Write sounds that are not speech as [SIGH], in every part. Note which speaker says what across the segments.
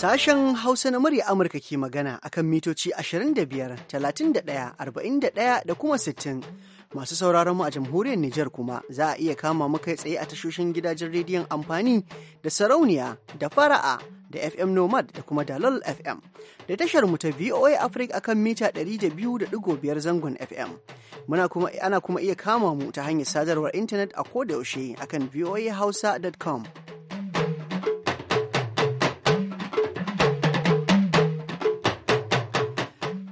Speaker 1: Sashen Hausa na murya Amurka ke magana akan mitoci 25, 31, 41 da kuma 60. Masu sauraron mu a jamhuriyar Nijar kuma za a iya kama mu kai tsaye a tashoshin gidajen rediyon amfani da sarauniya da fara'a da FM Nomad da kuma Dalol FM. Da tashar mu ta VOA Africa akan mita 200.5 zangon FM. Muna kuma ana kuma iya kama mu ta hanyar sadarwar intanet a yaushe akan voahausa.com.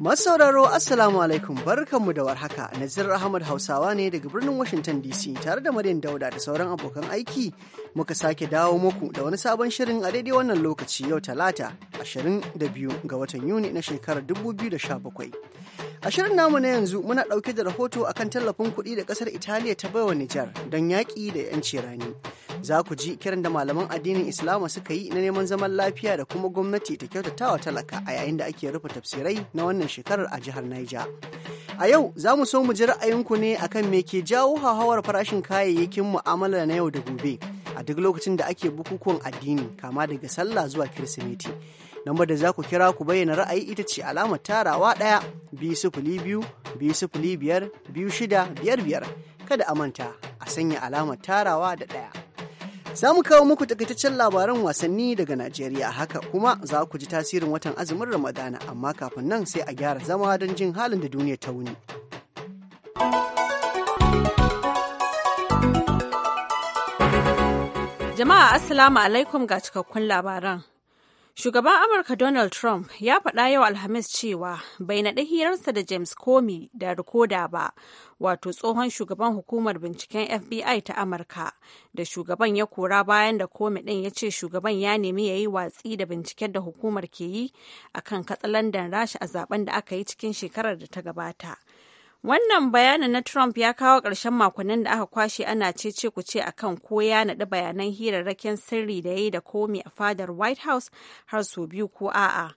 Speaker 1: Masauraro Assalamu alaikum barkanmu da warhaka Nazir Ahmad Hausawa ne daga birnin Washington DC tare da Maryam Dauda da sauran abokan aiki muka sake dawo muku da wani sabon shirin a daidai wannan lokaci yau talata 22 ga watan Yuni na shekarar 2017. A shirin namu na yanzu muna ɗauke da rahoto akan tallafin kuɗi da ƙasar Italiya ta baiwa Nijar don yaƙi da 'yanci rani. Za ku ji kiran da malaman addinin Islama suka yi na neman zaman lafiya da kuma gwamnati ta kyautata wa talaka a yayin da ake rufe tafsirai na wannan shekarar a jihar Niger. A yau za mu so mu ji ra'ayinku ne akan me ke jawo hauhawar farashin kayayyakin mu'amala na yau da gobe a duk lokacin da ake bukukuwan addini kama daga sallah zuwa Kirsimeti. lambar da za ku kira ku bayyana ra'ayi ita ce alamar tarawa ɗaya biyu sifili biyu biyu sifili biyar biyu shida biyar biyar kada a manta a sanya alamar tarawa da ɗaya. Za mu kawo muku takaitaccen labaran wasanni daga Najeriya haka kuma za ku ji tasirin watan azumin Ramadana amma kafin nan sai a gyara zama don jin halin da duniya ta wuni.
Speaker 2: Jama'a Assalamu alaikum ga cikakkun labaran. Shugaban Amurka Donald Trump ya faɗa yau Alhamis cewa bai naɗi hirarsa da James Comey da rikoda ba, wato tsohon shugaban hukumar binciken FBI ta Amurka, da shugaban ya kora bayan da Comey ɗin ya ce shugaban ya nemi ya yi watsi da binciken da hukumar ke yi a kan katsalandan rashi a zaben da aka yi cikin shekarar da ta gabata. Wannan bayanin na Trump ya kawo ƙarshen makonnin da aka kwashe ana cece ku ce akan ko ya naɗi bayanan hirarraken sirri da ya yi da komi a fadar White House har sau biyu ko a'a.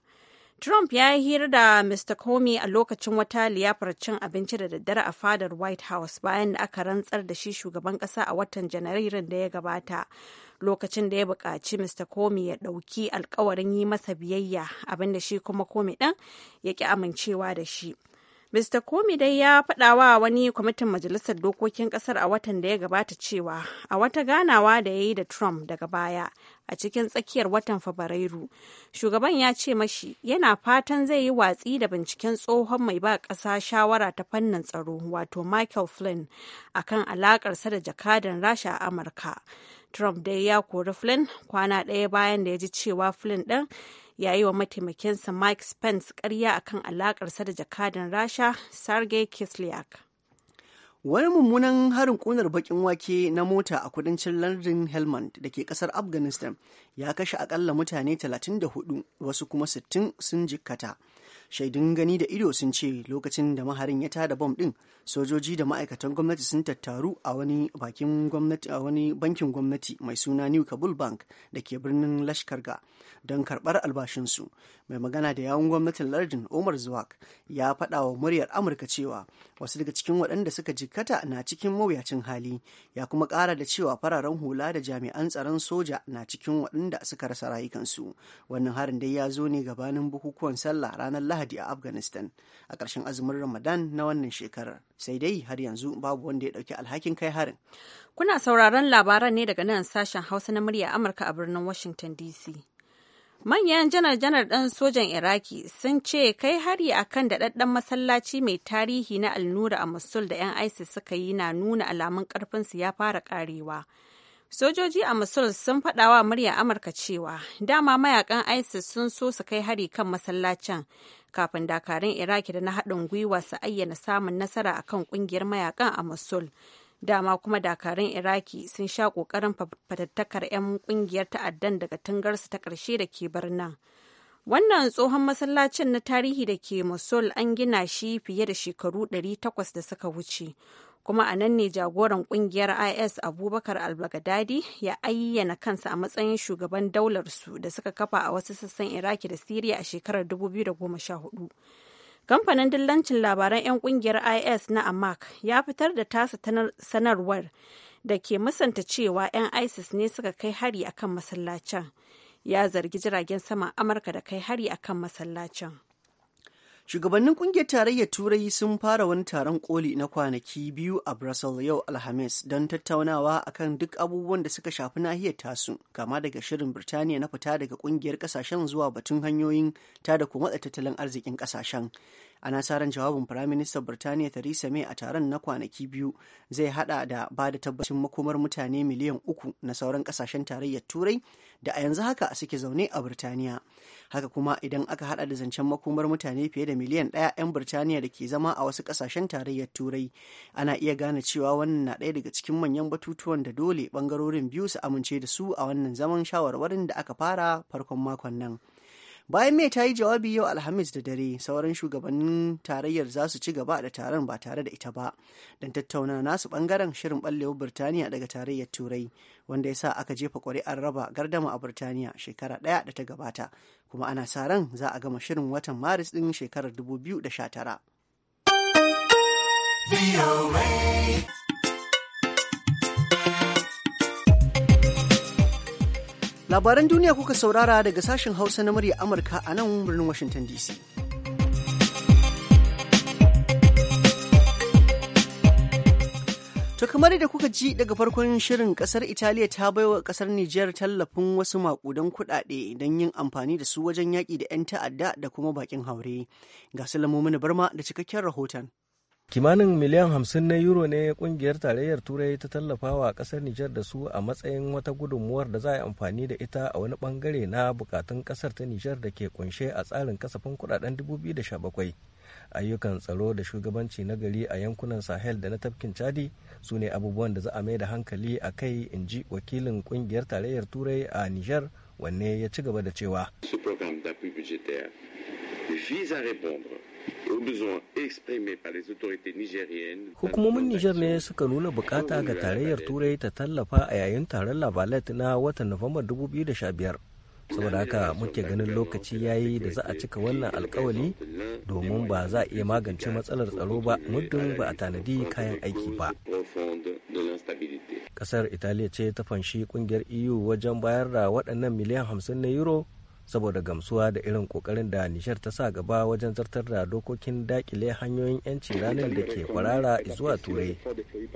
Speaker 2: Trump ya yi hira da Mr. Comey a lokacin wata liyafar cin abinci da daddare a fadar White House bayan da aka rantsar da shi shugaban ƙasa a watan Janairun da ya gabata. Lokacin da ya buƙaci Mr. Comey ya ɗauki alkawarin yi masa biyayya abinda shi kuma Comey ɗin ya ƙi amincewa da shi. Mr. Comey dai ya faɗa wa wani kwamitin Majalisar Dokokin Ƙasar a watan da ya gabata cewa a wata ganawa da ya yi da Trump daga baya a cikin tsakiyar watan Fabrairu, shugaban ya ce mashi yana fatan zai yi watsi da binciken tsohon mai ba ƙasa shawara ta fannin tsaro wato Michael Flynn akan alaƙarsa da jakadan Rasha a Amurka. Trump dai ya kori Flynn kwana ɗaya bayan da ya ji cewa Flynn ɗin ya yi wa mataimakinsa Mike Spence karya akan alakarsa da jakadin Rasha Sergey Kislyak.
Speaker 1: Wani mummunan harin kunar bakin wake na mota a kudancin lardin Helmand da ke kasar Afghanistan ya kashe akalla mutane 34 wasu kuma 60 sun jikkata. shaidun gani da ido sun ce lokacin da maharin ya tada bom din sojoji da ma'aikatan gwamnati sun tattaru a wani bakin gwamnati a wani bankin gwamnati mai suna new kabul bank da ke birnin lashkarga don karbar albashinsu mai magana da yawun gwamnatin lardin omar zuwak ya faɗa wa muryar amurka cewa wasu daga cikin waɗanda suka jikkata na cikin mawuyacin hali ya kuma ƙara da cewa fararen hula da jami'an tsaron soja na cikin waɗanda suka rasa rayukansu wannan harin dai ya zo ne gabanin bukukuwan sallah ranar lahadi lahadi a afghanistan a ƙarshen azumin ramadan na wannan shekarar sai dai har yanzu babu wanda ya ɗauki alhakin kai harin
Speaker 2: kuna sauraron labaran ne daga nan sashen hausa na murya amurka a birnin washington dc manyan janar-janar ɗan sojan iraki sun ce kai hari a kan daɗaɗɗen masallaci mai tarihi na alnura a mosul da 'yan isis suka yi na nuna alamun ƙarfinsu ya fara ƙarewa sojoji a mosul sun faɗawa wa murya amurka cewa dama mayakan isis sun so su kai hari kan masallacin kafin dakarun iraki da na haɗin gwiwa su ayyana samun nasara a kan ƙungiyar mayakan a mosul dama kuma dakarun iraki sun sha ƙoƙarin fatattakar 'yan ƙungiyar ta'addan daga tungarsu ta ƙarshe da ke birnin Wannan tsohon masallacin na tarihi da ke Mosul an gina shi fiye da shekaru 800 da suka wuce. Kuma a nan ne jagoran kungiyar IS Abubakar al-Baghdadi ya ayyana kansa a matsayin shugaban daularsu da suka kafa a wasu sassan Iraki da Siriya a shekarar 2014. Kamfanin dillancin labaran 'yan kungiyar IS na Amak ya fitar da tasa sanarwar da ke musanta cewa 'yan ISIS ne suka kai hari akan masallacin. ya zargi jiragen saman amurka da kai hari akan masallacin
Speaker 1: Shugabannin kungiyar tarayyar Turai sun fara wani taron koli na kwanaki biyu a Brussels yau Alhamis don tattaunawa akan duk abubuwan da suka shafi nahiyar tasu, kama daga shirin Birtaniya na fita daga kungiyar kasashen zuwa batun hanyoyin ta da kuma tattalin arzikin kasashen. ana sa ran jawabin firaministan birtaniya theresa may a taron na kwanaki biyu zai hada da ba da tabbacin makomar mutane miliyan uku na sauran kasashen tarayyar turai da a yanzu haka suke zaune a birtaniya haka kuma idan aka hada da zancen makomar mutane fiye da miliyan ɗaya 'yan birtaniya da ke zama a wasu ƙasashen tarayyar turai ana iya gane cewa wannan na ɗaya daga cikin manyan batutuwan da dole ɓangarorin biyu su amince da su a wannan zaman shawarwarin da aka fara farkon makon nan. bayan mai ta yi jawabi yau alhamis da dare sauran shugabannin tarayyar za su ci gaba da taron ba tare da ita ba don tattauna nasu bangaren shirin ɓallewar birtaniya daga tarayyar turai wanda ya sa aka jefa ƙuri'ar raba gardama a birtaniya shekara ɗaya da ta gabata kuma ana sa ran za a gama shirin watan maris ɗin shekarar dubu biyu da sha tara. labaran duniya kuka saurara daga sashen hausa na murya amurka a nan birnin washington dc To kamar da kuka ji daga farkon shirin kasar Italiya ta baiwa kasar Nijar tallafin wasu makudan kudade don yin amfani da su wajen yaƙi da 'yan ta'adda da kuma bakin haure. Ga salamomin Barma da cikakken rahoton.
Speaker 3: kimanin miliyan hamsin na euro ne kungiyar tarayyar turai ta tallafa wa kasar nijar da su a matsayin wata gudunmuwar da za a yi amfani da ita a wani bangare na bukatun kasar ta nijar da ke kunshe a tsarin kasafin kudaden 2017 ayyukan tsaro da shugabanci na gari a yankunan sahel da na tafkin chadi su ne abubuwan da za a mai da hankali a kai in ji wakilin kungiyar tarayyar turai a nijar wanne ya ci gaba da cewa Hukumomin Nijar ne suka nuna bukata ga tarayyar Turai ta tallafa a yayin taron Labalet na watan Nuwambar 2015. saboda haka muke ganin lokaci yayi da za a cika wannan alkawali domin ba za a iya magance matsalar tsaro ba muddin ba a tanadi kayan aiki ba kasar italiya ce ta fanshi kungiyar eu wajen bayar da waɗannan miliyan 50 na euro saboda gamsuwa da irin kokarin da nishar ta sa gaba wajen zartar da dokokin dakile hanyoyin yanci ranar da ke kwarara zuwa turai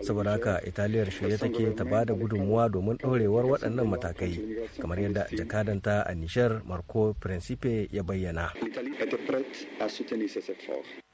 Speaker 3: saboda haka italiyar shirye take ta ba da gudunmuwa domin ɗorewar waɗannan matakai kamar yadda jakadanta a nishar marco principe ya bayyana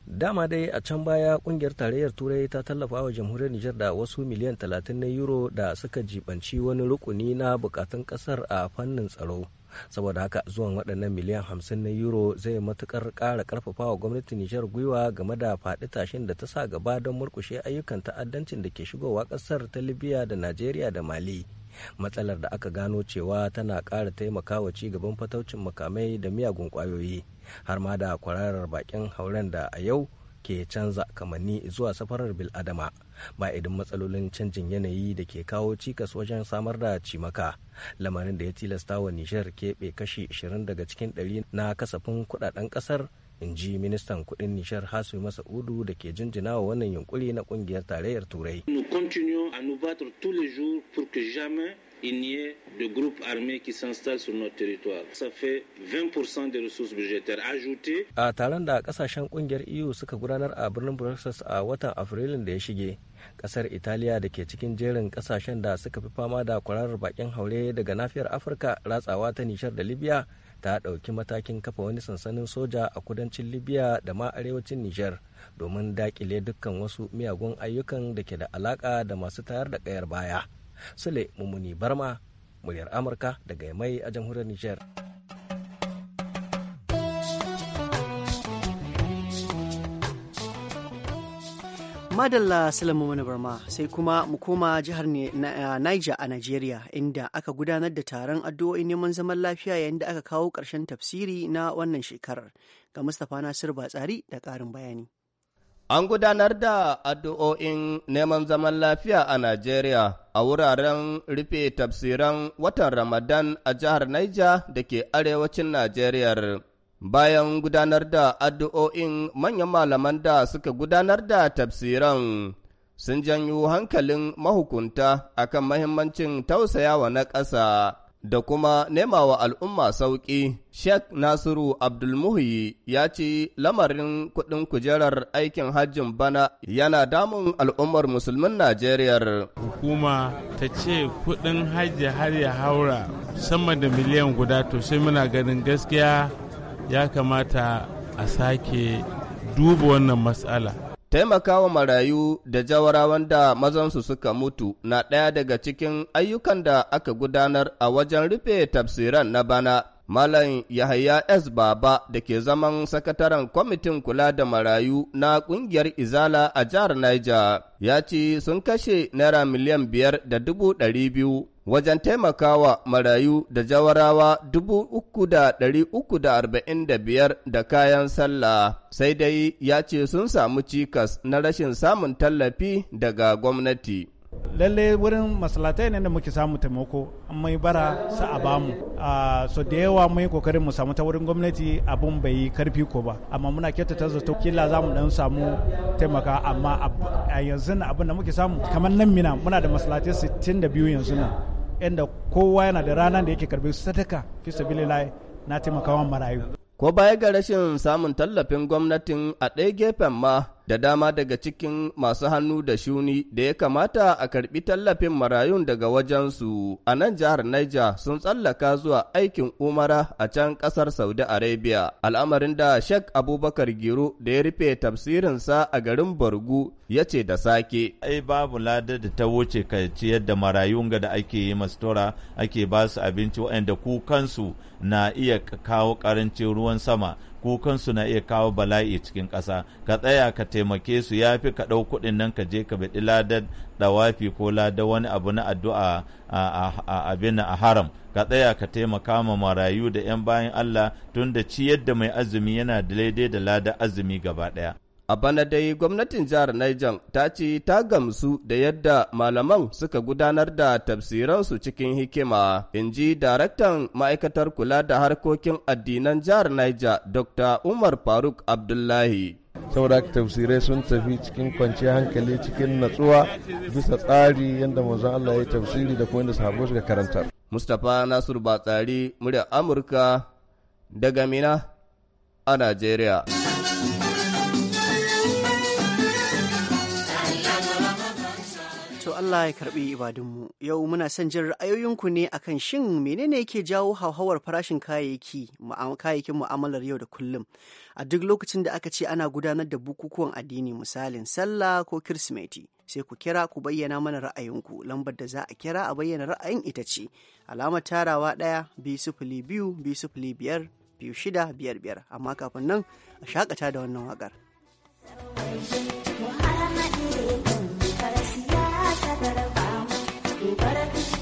Speaker 3: dama dai a can baya kungiyar tarayyar turai ta tallafa wa jamhuriyar nijar da wasu miliyan 30 na euro da suka jibanci wani rukuni na bukatun kasar a fannin tsaro saboda haka zuwan waɗannan miliyan hamsin na euro zai matukar ƙara ƙarfafa wa gwamnatin nijar gwiwa game da faɗi tashin da ta sa gaba don murkushe ayyukan ta'addancin da ke shigowa ƙasar ta libya da najeriya da mali matsalar da aka gano cewa tana ƙara taimakawa ci gaban fataucin makamai da miyagun ƙwayoyi har ma da kwararar bakin hauren da a yau ke canza kamanni zuwa safarar biladama ba idan matsalolin canjin yanayi da ke kawo cikas wajen samar da cimaka lamarin da ya tilasta wa nishar keɓe kashi 20 daga cikin 100 na kasafin kudaden kasar in ji ministan kudin nishar hasu masa'udu da ke jinjina wa wannan yunkuri na kungiyar tarayyar turai il n'y ait de groupes armés qui s'installent sur notre territoire. Ça fait 20% des ressources budgétaires ajoutées. A taron da kasashen kungiyar EU suka gudanar a birnin Brussels a watan Afrilun da ya shige, kasar Italiya da ke cikin jerin kasashen da suka fi fama da kwararar bakin haure daga nafiyar Afirka ratsawa ta Nishar da Libya ta ɗauki matakin kafa wani sansanin soja a kudancin libya da ma arewacin niger domin daƙile dukkan wasu miyagun ayyukan da ke da alaka da masu tayar da ƙayar baya Sule Mumuni Barma, muryar Amurka daga Yamai a jamhuriyar Nijar.
Speaker 1: Madalla Salamu Mani Barma sai kuma mu koma jihar eh, Niger a Najeriya inda aka gudanar da taron addu'o'i neman zaman lafiya yayin da aka kawo ƙarshen tafsiri na wannan shekarar. Ga Mustapha Nasir Batsari da ƙarin bayani.
Speaker 4: An gudanar da addu'o'in neman zaman lafiya a Najeriya a wuraren rufe tafsiran watan Ramadan a jihar Niger da ke arewacin Najeriya. Bayan gudanar da addu'o'in manyan malaman da suka gudanar da tafsiran sun janyo hankalin mahukunta akan mahimmancin tausayawa na ƙasa da kuma nema wa al'umma sauƙi, Sheikh Nasiru Abdulmuhi ya ce lamarin kuɗin kujerar aikin hajjin bana yana damun al'ummar musulmin Najeriya.
Speaker 5: Hukuma ta ce kuɗin hajji har ya haura sama da miliyan guda to sai muna ganin gaskiya ya kamata a sake duba wannan matsala.
Speaker 4: Taimakawa marayu da jawarawan da mazansu suka mutu na ɗaya daga cikin ayyukan da aka gudanar a wajen rufe tafsiran na bana. Malam Yahaya S. Baba da ke zaman sakataren kwamitin kula da marayu na ƙungiyar Izala a jihar Niger ya ce sun kashe naira miliyan biyar da dubu ɗari biyu wajen taimakawa marayu da jawarawa dubu uku da dari uku da arba'in da biyar da kayan sallah sai dai ya ce sun samu cikas na rashin samun tallafi daga gwamnati.
Speaker 6: lalle wurin masalatai ne da muke samu taimako mai bara sa a bamu so da yawa mun kokarin mu samu ta wurin gwamnati abun bai yi karfi ko ba amma muna ta zato kila za mu dan samu taimaka amma a yanzu abin da muke samu kamar nan mina muna da masalatai 62 yanzu nan inda kowa yana da ranar da yake karbe sadaka fi sabilillahi na taimakawa marayu
Speaker 4: ko baya ga rashin samun tallafin gwamnatin a ɗaya gefen ma da dama daga cikin masu hannu da shuni da ya kamata a karbi tallafin marayun daga wajensu a nan jihar Niger sun tsallaka zuwa aikin umara a can kasar Saudi Arabia. Al'amarin da Sheikh Abubakar Giro da ya rufe tafsirinsa a garin Borgu ya ce da sake. Ai babu lada da ta wuce ka ciyar da marayun ga da ake yi mastora ake ba su abinci waɗanda su na iya kawo ƙarancin ruwan sama kukansu na iya kawo bala'i cikin ƙasa ka tsaya ka taimake su ya fi ka ɗau kuɗin nan ka je ka biɗi ladar ɗawafi ko ladar wani abu na addu'a a abin a haram ka tsaya ka taimaka ma marayu da 'yan bayan Allah tun da ci yadda mai azumi yana daidai da ladar azumi gaba ɗaya. A bana dai gwamnatin jihar Niger ta ce ta gamsu da yadda malaman suka gudanar da tafsiransu cikin hikima, in ji daraktan ma'aikatar kula da harkokin addinan jihar Niger Dr. Umar Faruk Abdullahi. saboda tafsirai sun
Speaker 3: tafi cikin kwanciyar hankali cikin natsuwa bisa tsari yadda manzon Allah ya tafsiri da kuma yadda su ga karanta.
Speaker 4: Mustapha Nasiru Batsari, muryar Amurka daga Mina a Najeriya.
Speaker 1: Allah ya karbi ibadunmu. Yau muna son jin ra'ayoyinku ne akan shin menene yake jawo hauhawar farashin kayayyaki, kayayyakin mu'amalar yau da kullum. A duk lokacin da aka ce ana gudanar da bukukuwan addini misalin sallah ko kirsimeti. Sai ku kira ku bayyana mana ra'ayinku. Lambar da za a kira a bayyana ra'ayin ita ce alamar tarawa ɗaya biyu sifili biyu biyu sufuli biyar biyu shida biyar biyar. Amma kafin nan a shakata da wannan waƙar.
Speaker 2: Para ti.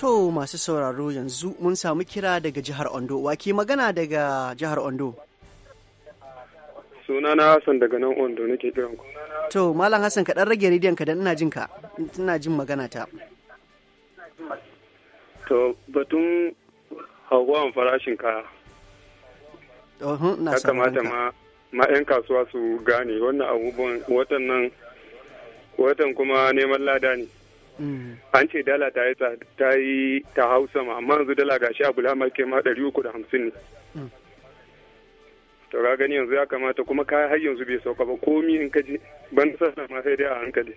Speaker 1: To masu sauraro yanzu mun samu kira daga jihar Ondo. Waki magana daga jihar Ondo?
Speaker 5: Suna na Hassan daga nan Ondo nake kiran ku.
Speaker 1: To Malam Hassan ka dan rage rediyon ka dan ina jin ka. Ina jin magana ta.
Speaker 5: To batun hauhawan farashin kaya.
Speaker 1: Ya kamata
Speaker 5: ma ma 'yan kasuwa su gane wannan abubuwan watan nan watan kuma neman lada ne. Mm. an ce dala ta yi ta yi ta hau sama amma yanzu dala gashi a bula market ma ɗari uku da hamsin ne mm. to ka gani yanzu ya kamata kuma kaya har yanzu bai sauka ba komi in ka ji ban sassa ma sai dai a hankali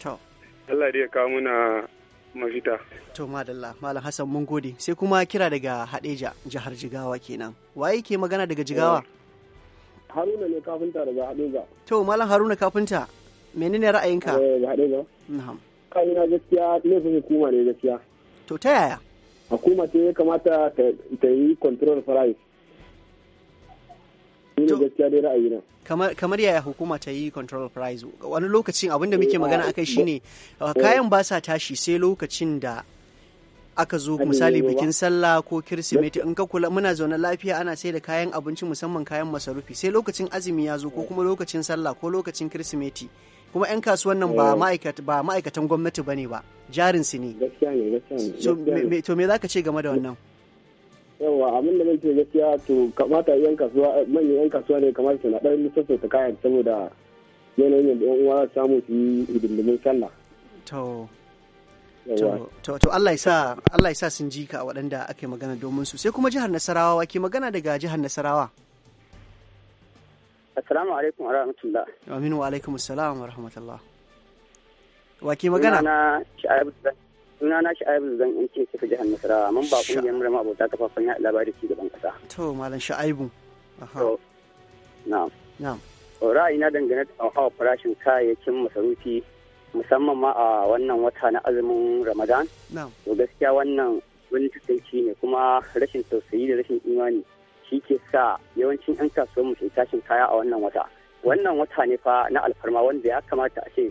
Speaker 5: to Allah dai ya kawo muna mafita
Speaker 1: to madalla malam Hassan mun gode sai kuma kira daga Hadeja jihar Jigawa kenan waye ke magana daga Jigawa eh,
Speaker 5: Haruna ne kafinta daga Hadeja
Speaker 1: to malam Haruna kafinta menene ra'ayinka
Speaker 5: eh gaskiya laifin hukuma ne
Speaker 1: gaskiya to ta yaya
Speaker 5: hukuma ce ya kamata ta yi control price ne gaskiya dai ra'ayina
Speaker 1: kamar kamar yaya hukuma ta yi control price wani lokacin abinda muke eh, magana akai shine uh, eh. kayan ba sa tashi sai lokacin da aka zo misali bikin sallah ko kirsimeti in ka kula muna zaune lafiya ana sai da kayan abinci musamman kayan masarufi sai lokacin azumi ya zo ko eh. kuma lokacin sallah ko lokacin kirsimeti kuma 'yan kasuwan nan ba eh. ma'aikatan gwamnati ba ne ba jarin su ne to me za ka ce game da wannan
Speaker 5: yawa abin da ce gaskiya to kamata yan kasuwa manyan yan kasuwa ne kamar su na dan ta kayan saboda yanayin da yan uwa samu su yi hidindimin sallah
Speaker 1: to to to Allah ya Allah ya sa sun ji ka waɗanda ake magana domin su sai kuma jihar Nasarawa ke magana daga jihar Nasarawa Assalamu alaikum wa rahmatullah. Aminu wa alaikum assalam wa rahmatullah. Wa ke magana?
Speaker 7: Sunana Sha'abu Zan. Sunana Sha'abu Zan in ce tafi jihar Nasarawa. Mun ba kungiyar rama abota kafafen yaɗa labari ci gaban ƙasa.
Speaker 1: To malam Sha'aibu. To. Na'am. Na'am.
Speaker 7: na dangane da hawa farashin kayayyakin masarufi musamman ma a wannan wata na azumin Ramadan. Na'am. To gaskiya wannan wani takaici ne kuma rashin tausayi da rashin imani. shi ke sa yawancin 'yan mu ke tashin kaya a wannan wata wannan wata ne fa na alfarma wanda ya kamata a ce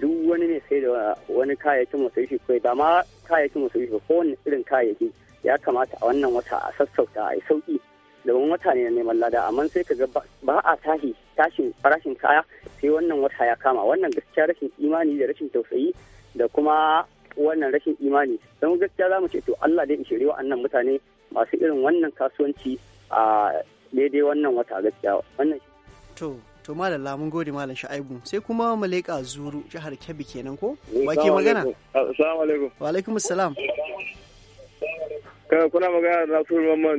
Speaker 7: duk wani ne sai da wani kayayyakin masarufi ko ba ma kayayyakin masarufi ba wani irin kayayyaki ya kamata a wannan wata a sassauta a sauki domin wata ne na neman lada amma sai ka ga ba a tashi tashin farashin kaya sai wannan wata ya kama wannan gaskiya rashin imani da rashin tausayi da kuma wannan rashin imani don gaskiya za mu ce to Allah dai in shirye wa'annan mutane masu irin wannan kasuwanci a daidai wannan wata gaskiya wannan
Speaker 1: to to malam lamun gode malam sha'ibu sai kuma maleka zuru jihar kebbi kenan ko ba eh, ke magana
Speaker 5: assalamu alaikum wa alaikum assalam kuna magana da nasiru mamman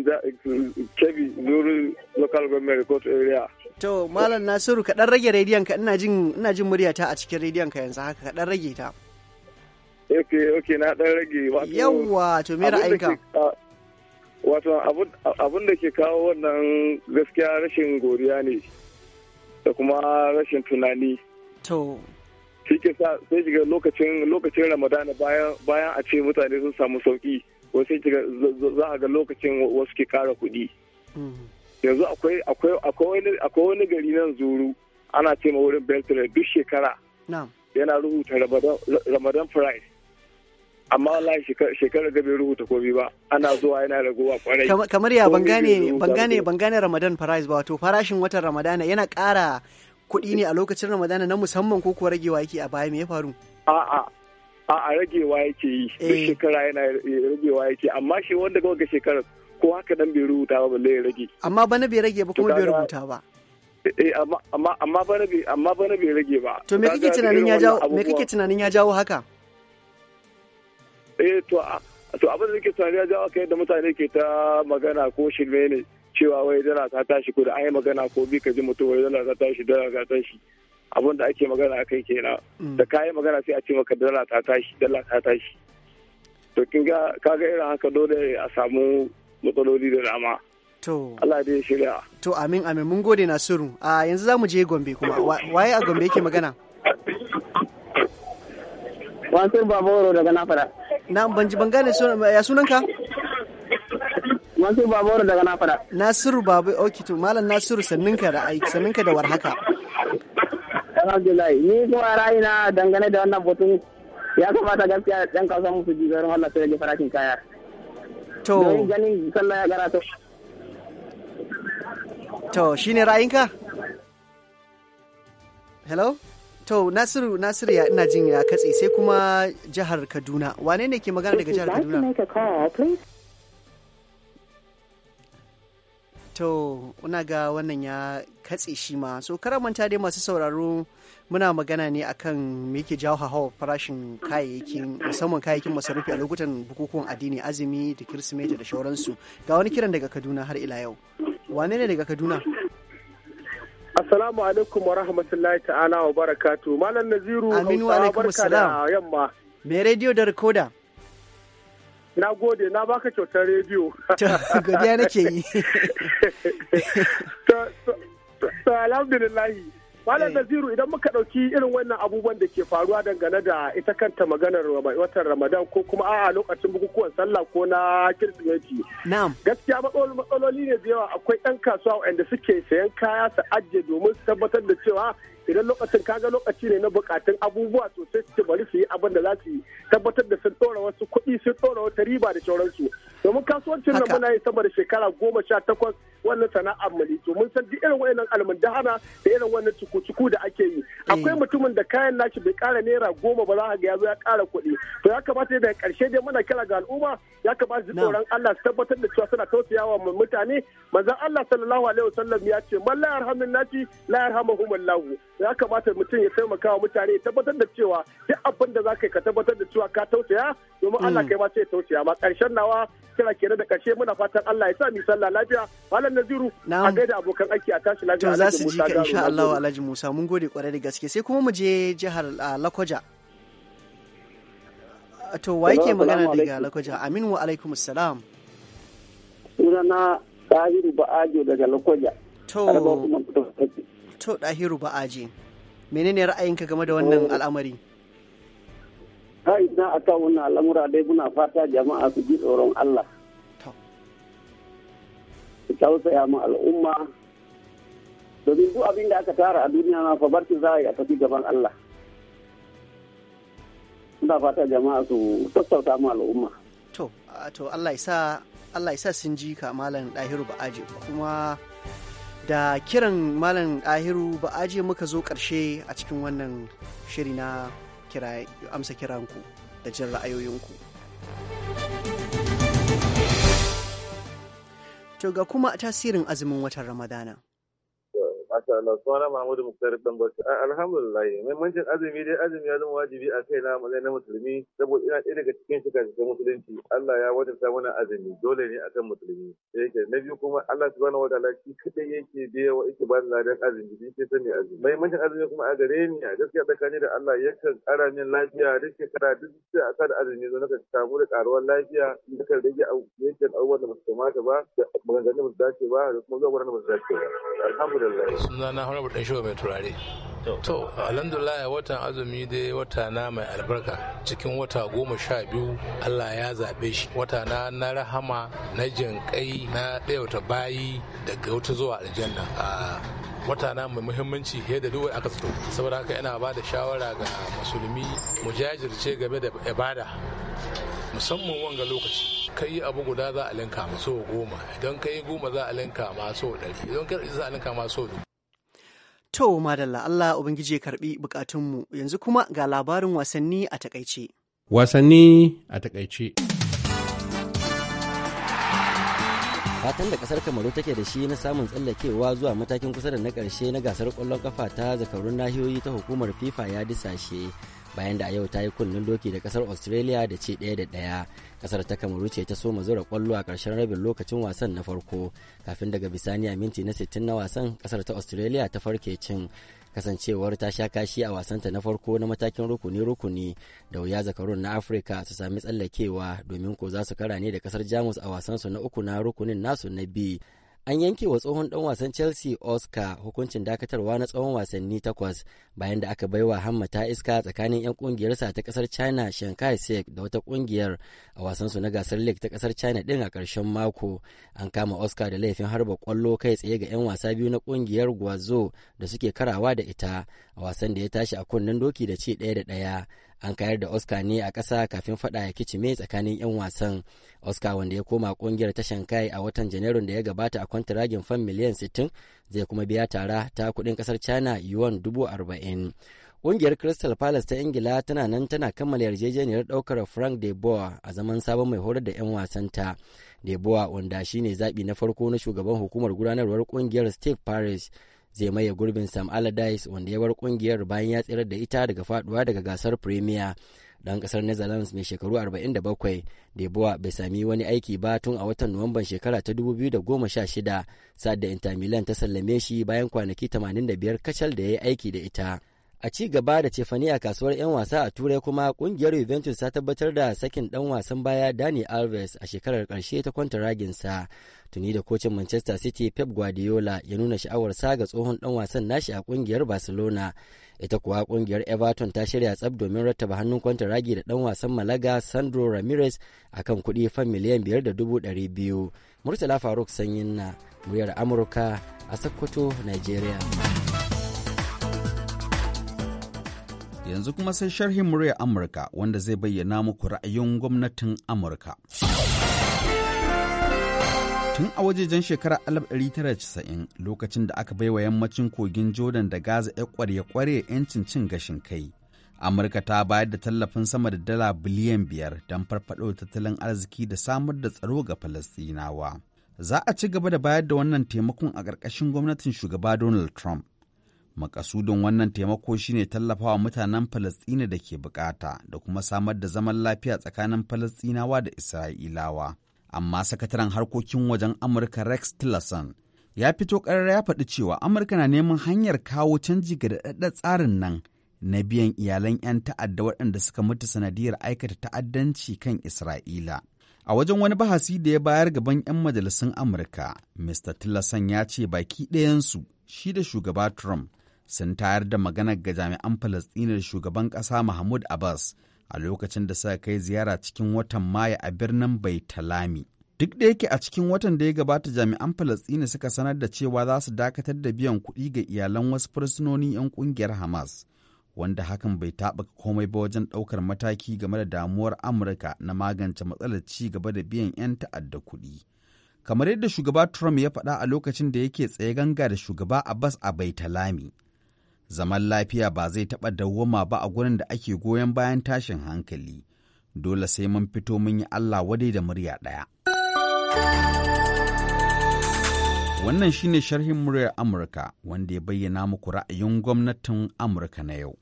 Speaker 5: kebbi zuru local government court area
Speaker 1: to malam nasiru kaɗan rage rediyon ka ina jin ina jin muryata a cikin rediyon ka yanzu haka kaɗan rage ta
Speaker 5: okay okay na ɗan rage yawa to me ra'ayinka wato abun da ke kawo wannan gaskiya rashin goriya ne da kuma rashin tunani to shi ke sa sai shiga lokacin lokacin ramadana bayan a ce mutane sun samu sauki wasu sai shiga za a ga lokacin wasu ke kara kuɗi hmm. yanzu akwai akwai wani gari nan zuru ana ce ma wurin beltre duk shekara yana rubuta ramadan price amma wallahi shekarar da bai rubuta komi ba ana zuwa yana ragowa kwarai kamar ya bangane bangane
Speaker 1: ban ramadan price ba wato farashin watan ramadana yana ƙara kuɗi ne a lokacin ramadana na musamman ko kuwa ragewa yake a baya me ya faru
Speaker 5: a'a a'a ragewa yake yi duk eh. shekara yana eh, ragewa yake amma shi wanda ga wanda shekarar ko haka dan bai rubuta ba balle ya rage
Speaker 1: amma bana bai rage ba kuma bai rubuta ba
Speaker 5: eh, eh amma amma bana bai amma bana bai rage ba to me kake tunanin ya jawo me kake
Speaker 1: tunanin ya jawo haka
Speaker 5: eh to to abin da nake tunani ya jawo kai da mutane ke ta magana ko shirme ne cewa wai dala ta tashi ko da an yi magana ko bi ka ji mutum wai dala ta tashi dala ta tashi abin da ake magana a akai kenan mm. da kayi magana sai a ce maka dala ta tashi dala ta tashi to kin ga kaga irin haka dole a samu matsaloli da dama to Allah dai shirya
Speaker 1: to amin amin mun gode na Nasiru a yanzu zamu je Gombe kuma waye a Gombe yake magana Mansur Baboro daga Nafara Na'am ban ji ban gane ya sunanka? Nasiru babu wani daga na Nasiru Babu ok to Malam Nasiru sanninka da aiki sanninka da warhaka.
Speaker 7: Alhamdulillah ni kuma ra'ayi na dangane da wannan batun ya kamata gaskiya ɗan kasuwa musu ji garin
Speaker 1: Allah sai da farashin kaya. To. Don ganin sallah ya to. To shine ra'ayinka? Hello? To Nasiru Nasiru ya ina jin ya katse sai kuma jihar Kaduna. Wane ne ke magana daga jihar
Speaker 5: Kaduna?
Speaker 1: To, una ga wannan ya katse shi ma. So, manta dai masu sauraro muna magana ne akan me yake jawo hawa farashin kayayyakin musamman kayayyakin masarufi a lokutan bukukuwan addini azumi da kirsimeti da shauransu. Ga wani kiran daga Kaduna har ila yau. Wane ne daga Kaduna?
Speaker 5: Assalamu alaikum wa rahmatullahi ta'ala wa barakatu. Malam Naziru Aminu wa alaikum da Yamma.
Speaker 1: Me rediyo da rikoda?
Speaker 5: Na gode, na baka kyautar rediyo.
Speaker 1: [LAUGHS] Godiya nake yi. [LAUGHS]
Speaker 5: To alhamdulillahi. Malam eh. Naziru idan muka ɗauki irin wannan abubuwan da ke faruwa dangane da ita kanta maganar watan Ramadan ko kuma a lokacin bukukuwan sallah ko na Kirsimeti. Gaskiya matsaloli ne da yawa akwai ɗan kasuwa waɗanda suke sayan kaya su ajiye domin su tabbatar da cewa idan lokacin kaga lokaci ne na bukatun abubuwa sosai su bari su yi abin da za su yi tabbatar da sun ɗora wasu kuɗi sun ɗora wata riba da sauransu domin kasuwancin nan muna yi sama da shekara goma sha takwas wannan sana'ar mali to mun san duk irin wayannan almundahana da irin wannan cuku-cuku da ake yi akwai eh. mutumin da kayan nashi bai kara naira goma ba za ka ga ya zo ya kara kuɗi to ya kamata daga karshe dai muna kira ga al'umma ya kamata su tsoron Allah su tabbatar da cewa suna tausayawa mutane manzon Allah sallallahu alaihi wasallam ya ce man la nati nasi la yarhamuhumullahu ya kamata mutum ya taimaka wa mutane tabbatar da cewa duk abin da zaka ka tabbatar da cewa ka tausaya domin Allah mm. kai ma sai tausaya ma karshen nawa kira kenan da karshe muna fatan Allah ya sa mu sallah lafiya malam Naziru a gaida abokan aiki a tashi lafiya to za su ji ka insha Allah
Speaker 1: Alhaji Musa mun gode kwarai da gaske sai kuma mu je jihar Lakwaja to wa yake magana daga Lakwaja amin wa alaikum salam sunana Tahiru Ba'ajo daga Lakwaja to Dr. Dahiru Ba'aje. Menene ra'ayinka game da wannan oh. al'amari? Ra'ayina akan wannan al'amura dai muna
Speaker 7: fata jama'a su ji tsoron Allah. Su tausaya mu al'umma domin duk abin da aka tara a duniya na fa barci za a yi a tafi gaban Allah. Ina fata jama'a su tattauta mu
Speaker 1: al'umma. To, to Allah ya sa Allah ya sa sun ji ka malam Dahiru Ba'aje kuma da kiran malam ahiru ba je muka zo ƙarshe a cikin wannan shiri na amsa kiranku da jin ra'ayoyinku to ga kuma tasirin azumin watan ramadana
Speaker 5: Masha Allah suna Mahmudu Muktar Dambaci. Alhamdulillah muhimmancin azumi dai azumi ya zama wajibi a kai na matsayin na musulmi saboda ina ɗaya daga cikin shiga cikin musulunci Allah ya wajabta mana azumi dole ne akan musulmi. Yake na biyu kuma Allah subhanahu wa ta'ala shi kadai yake biya wa yake ba dan azumi shi ke sani azumi. Muhimmancin azumi kuma a gare ni a gaskiya tsakani da Allah yakan ƙara min lafiya duk shekara duk sai a kan azumi zo naka samu da ƙaruwar lafiya nakan rage yankin abubuwan da ba su kamata ba da maganganun da ba su dace ba da kuma zuwa da ba su dace ba. Alhamdulillah. suna na harabu dan shiwa mai turare to alhamdulillah watan azumi dai wata na mai albarka cikin wata goma sha biyu allah ya zaɓe shi wata na na rahama na jinƙai na ɗayauta bayi daga wata zuwa aljanna a wata na mai muhimmanci fiye da duk aka tsoro saboda haka yana ba da shawara ga musulmi mu jajirce game da ibada musamman wanga lokaci ka yi abu guda za a linka maso goma idan ka yi goma za a linka
Speaker 1: maso so ɗari idan ka yi za a linka maso so dubu To, madalla Allah Ubangiji ya karbi bukatunmu yanzu kuma ga labarin wasanni a takaice.
Speaker 6: Wasanni a takaice.
Speaker 1: fatan da kasar kamaru take da shi
Speaker 8: na samun tsallakewa zuwa matakin kusa da na karshe na gasar kwallon kafa ta zakarun nahiyoyi ta hukumar fifa ya disashe bayan da a yau ta yi kunnen doki da kasar australia da ce daya da ɗaya kasar ta kamaru ce ta soma zura kwallo a karshen rabin lokacin wasan na farko kafin daga bisani a minti na 60 na wasan kasar ta australia ta farke cin kasancewar ta sha kashi a wasanta na farko na matakin rukuni-rukuni da wuya zakarun na afirka su sami tsallakewa domin ko za su kara ne da kasar jamus a wasansu na uku na rukunin nasu na biyu an yanke wa tsohon dan wasan chelsea oscar hukuncin dakatarwa na tsawon wasanni takwas bayan da aka baiwa hamma ta iska tsakanin 'yan kungiyarsa ta kasar china shanghai sek da wata kungiyar a wasansu na gasar league ta kasar china din a karshen mako an kama oscar da laifin harba kwallo kai tsaye ga 'yan wasa biyu na kungiyar guazo da suke karawa da ita a wasan da ya tashi a kunnen doki da ci daya da ɗaya an kayar da oscar ne a kasa kafin fada ya mai tsakanin 'yan wasan oscar wanda ya koma kungiyar tashan kai a watan janairun da ya gabata a kwantiragin fan miliyan 60 zai kuma biya tara ta kudin kasar china yuan 40,000 kungiyar Crystal Palace ta Ingila tana nan tana kammala yarjejeniyar daukar Frank De Boer a zaman sabon mai horar da 'yan wasanta. De Boer wanda shine zaɓi na farko na shugaban hukumar gudanarwar kungiyar Steve Parish zai maye gurbin Sam Allardyce wanda ya bar kungiyar bayan ya tsirar da ita daga faduwa daga gasar Premier. Dan kasar Netherlands mai shekaru 47, Deboa bai sami wani aiki ba tun a watan Nuwamban shekara ta 2016, sa'ad da Inter Milan ta sallame shi bayan kwanaki 85 kacal da ya yi aiki da ita. a ci gaba da cefane a kasuwar 'yan wasa a turai kuma kungiyar juventus ta tabbatar da sakin dan wasan baya dani alves a shekarar karshe ta kwanta raginsa tuni da kocin manchester city pep guardiola ya nuna sha'awarsa ga tsohon dan wasan nashi a kungiyar barcelona ita kuwa kungiyar everton ta shirya tsab domin rattaba hannun kwanta ragi da dan wasan malaga sandro ramirez akan kuɗi fan miliyan biyar da dubu ɗari biyu murtala faruk sanyin na muryar amurka a sokoto nigeria
Speaker 6: Yanzu kuma sai sharhin murya Amurka wanda zai bayyana muku ra'ayin gwamnatin Amurka. Tun a wajejen shekarar 1990 lokacin da aka baiwa yammacin kogin Jordan da Gaza ya kware-kware 'yancin cin gashin kai. Amurka ta bayar da tallafin sama da dala biliyan biyar don farfaɗo tattalin arziki da samar da tsaro ga Falastinawa. Za a ci gaba da bayar da wannan taimakon a ƙarƙashin gwamnatin shugaba Donald Trump. Makasudin wannan taimako shine tallafawa mutanen Falasɗina da ke bukata da kuma samar da zaman lafiya tsakanin Falasɗinawa da Isra'ilawa. Amma sakataren harkokin wajen Amurka Rex Tillerson ya fito ƙarar ya faɗi cewa Amurka na neman hanyar kawo canji ga daɗaɗɗen tsarin nan na biyan iyalan 'yan ta'adda waɗanda suka mutu sanadiyar aikata ta'addanci kan Isra'ila. A wajen wani bahasi da ya bayar gaban 'yan majalisun Amurka, Mr. Tillerson ya ce baki ɗayansu shi da shugaba Trump sun tayar da maganar ga jami'an Falasɗinar shugaban ƙasa Mahmud Abbas a lokacin da suka kai ziyara cikin watan Maya a birnin Baitalami. Duk da yake a cikin watan da ya gabata jami'an falasɗini suka sanar da cewa za su dakatar da biyan kuɗi ga iyalan wasu fursunoni 'yan ƙungiyar Hamas, wanda hakan bai taɓa komai ba wajen ɗaukar mataki game da damuwar Amurka na magance matsalar ci gaba da biyan 'yan ta'adda kuɗi. Kamar yadda shugaba Trump ya faɗa a lokacin da yake tsaye ganga da shugaba Abbas a Baitalami. zaman lafiya ba zai taɓa dawwama ba a gurin da ake goyon bayan tashin hankali dole sai mun fito mun yi Allah wadai da murya ɗaya. Wannan shine sharhin muryar Amurka wanda ya bayyana muku ra'ayin gwamnatin Amurka na yau.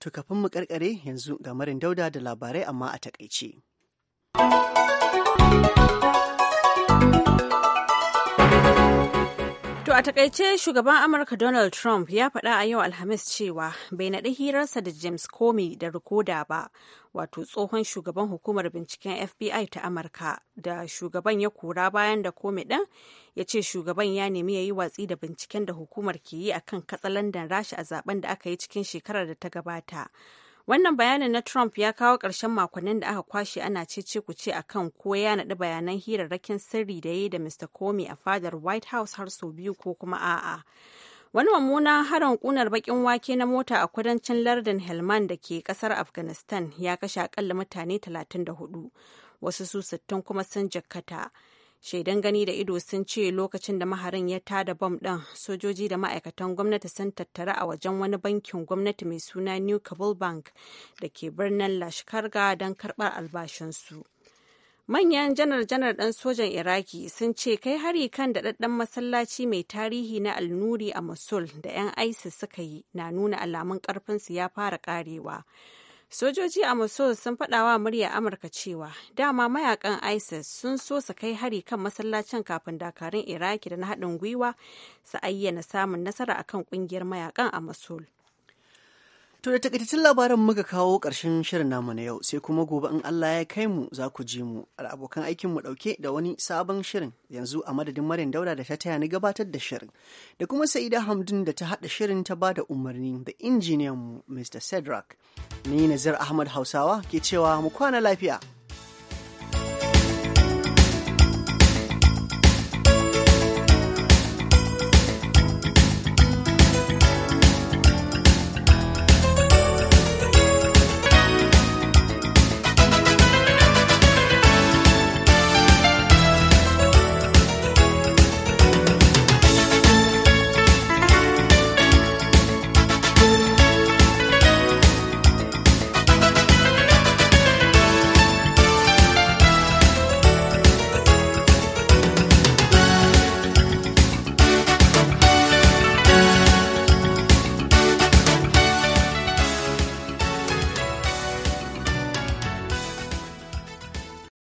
Speaker 1: To kafin mu karkare yanzu ga marin dauda da labarai amma a takaice.
Speaker 2: a takaice shugaban Amurka Donald Trump ya faɗa a yau Alhamis cewa bai naɗi hirarsa da James Comey da rikoda ba, wato tsohon shugaban hukumar binciken FBI ta Amurka da shugaban ya kura bayan da Comey ɗin ya ce shugaban ya nemi ya yi watsi da binciken da hukumar ke yi akan katsalandan rasha a zaben da aka yi cikin shekarar da ta gabata. Wannan bayanin na Trump ya kawo ƙarshen makonnin da aka kwashe ana cece kuce a kan ko ya naɗi bayanan hirarrakin sirri da ya da Mr. Comey a fadar White House har sau biyu ko kuma a'a. Wani mummunan harin kunar bakin wake na mota a kudancin lardin Helman da ke kasar Afghanistan ya kashe akalla mutane 34, wasu su 60 kuma sun jikkata shaidan gani da ido sun ce lokacin da maharin ya tada bom ɗin sojoji da ma'aikatan gwamnati sun tattara a wajen wani bankin gwamnati mai suna new kabul bank da ke birnin lashkarga don karɓar albashinsu manyan janar-janar ɗan sojan iraki sun ce kai hari kan daɗaɗɗen masallaci mai tarihi na alnuri a mosul da 'yan isis suka yi na nuna alamun ƙarfinsu ya fara ƙarewa Sojoji a Mosul sun faɗa wa murya Amurka cewa dama mayakan ISIS sun so su kai hari kan masallacin kafin dakarun Iraki da na haɗin gwiwa su ayyana samun nasara akan ƙungiyar mayakan a Mosul.
Speaker 1: To da takaitaccen labaran muka kawo ƙarshen shirin namu na yau sai kuma gobe in Allah ya kai mu za ku ji mu a abokan aikin mu ɗauke da wani sabon shirin yanzu a madadin Maryam Dauda da ta taya ni gabatar da shirin da kuma Sa'ida Hamdun da ta haɗa shirin ta bada umarni da injiniyan mu Mr. Cedric ni Nazir Ahmad Hausawa ke cewa mu kwana lafiya.